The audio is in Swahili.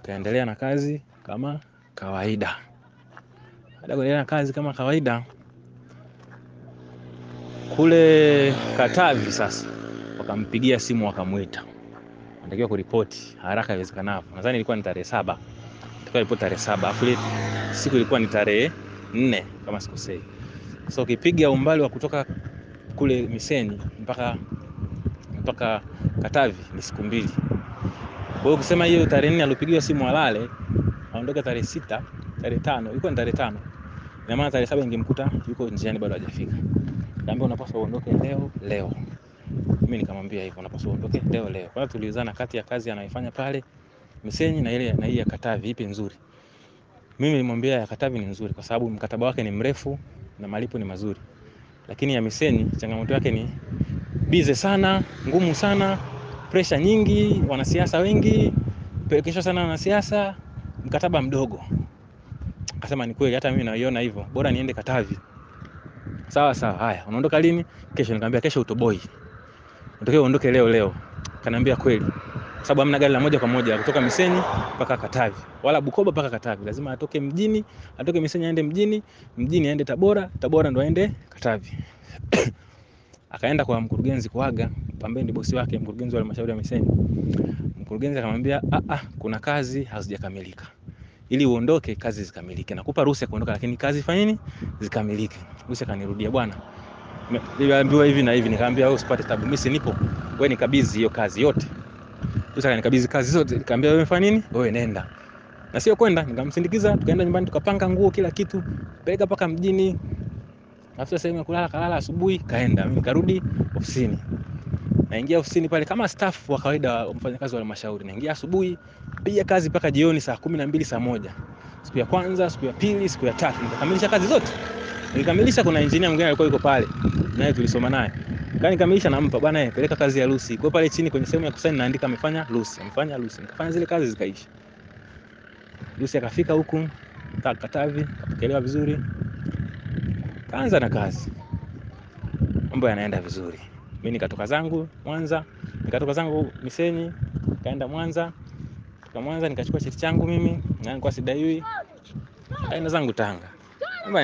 nikaendelea na kazi kama kawaida. Baada ya kuendelea na kazi kama kawaida kule Katavi sasa wakampigia simu wakamwita, natakiwa kuripoti haraka iwezekanavyo. Nadhani ilikuwa ni tarehe saba, natakiwa ripoti tarehe saba afu siku ilikuwa ni tarehe nne kama sikosei. So ukipiga umbali wa kutoka kule miseni mpaka mpaka Katavi ni siku mbili. Kwa hiyo kusema hiyo tarehe nne alipigiwa simu alale, aondoke tarehe sita, tarehe tano, ilikuwa ni tarehe tano. Ina maana tarehe saba ingemkuta yuko njiani bado hajafika. kaambia unapaswa uondoke leo leo. Mimi nikamwambia hivyo unapaswa uondoke leo leo. kwanza tuliuzana kati ya kazi anayofanya pale Misenyi na ile na hii ya Katavi ipi nzuri. Mimi nilimwambia ya Katavi ni nzuri kwa sababu mkataba wake ni mrefu na malipo ni mazuri. Lakini ya Misenyi changamoto yake ni bize sana, ngumu sana, presha nyingi, wanasiasa wengi, pelekeshwa sana wanasiasa, mkataba mdogo. Akasema ni kweli, hata mimi naiona hivyo, bora niende Katavi. Sawa sawa, haya, unaondoka lini? Kesho. Nikamwambia kesho utoboi, unatakiwa uondoke leo leo. Kaniambia kweli, kwa sababu amna gari la moja kwa moja kutoka Misenyi mpaka Katavi, wala Bukoba mpaka Katavi. Lazima atoke mjini, atoke miseni aende mjini, mjini aende Tabora, Tabora ndo aende Katavi Akaenda kwa mkurugenzi kuaga, Pambe ni bosi wake, mkurugenzi wa halmashauri ya Missenyi. Mkurugenzi akamwambia, "Ah ah, kuna kazi hazijakamilika. Ili uondoke kazi zikamilike. Nakupa ruhusa kuondoka lakini kazi fanyeni zikamilike." Bosi akanirudia, "Bwana, niliambiwa hivi na hivi." Nikamwambia, "Wewe usipate tabu, mimi sinipo Wewe nikabidhi hiyo kazi yote." Bosi akanikabidhi kazi zote, nikamwambia, "Wewe fanya nini? Wewe nenda." Na sio kwenda, nikamsindikiza, tukaenda nyumbani tukapanga nguo kila kitu, peleka mpaka mjini, Tafuta sehemu ya kulala, kalala asubuhi, kaenda. Mimi karudi ofisini. Naingia ofisini pale kama staff wa kawaida wa mfanyakazi wa halmashauri. Naingia asubuhi, pia kazi mpaka jioni saa kumi na mbili saa moja. Siku ya kwanza, siku ya pili, siku ya tatu nikakamilisha kazi zote. Nilikamilisha, kuna engineer mwingine alikuwa yuko pale. Naye tulisoma naye. Kani kamilisha nampa bwana yeye eh, peleka kazi ya Lucy. Kwa pale chini kwenye sehemu ya kusaini naandika amefanya Lucy, amefanya Lucy. Nikafanya zile kazi zikaisha. Lucy akafika huku Katavi, kapokelewa vizuri kaanza na kazi, mambo yanaenda vizuri. Mimi nikatoka zangu Mwanza, nikatoka zangu Misenyi, nikaenda Mwanza, toka Mwanza nikachukua cheti changu mimi na nilikuwa sidaiwi, kaenda zangu Tanga.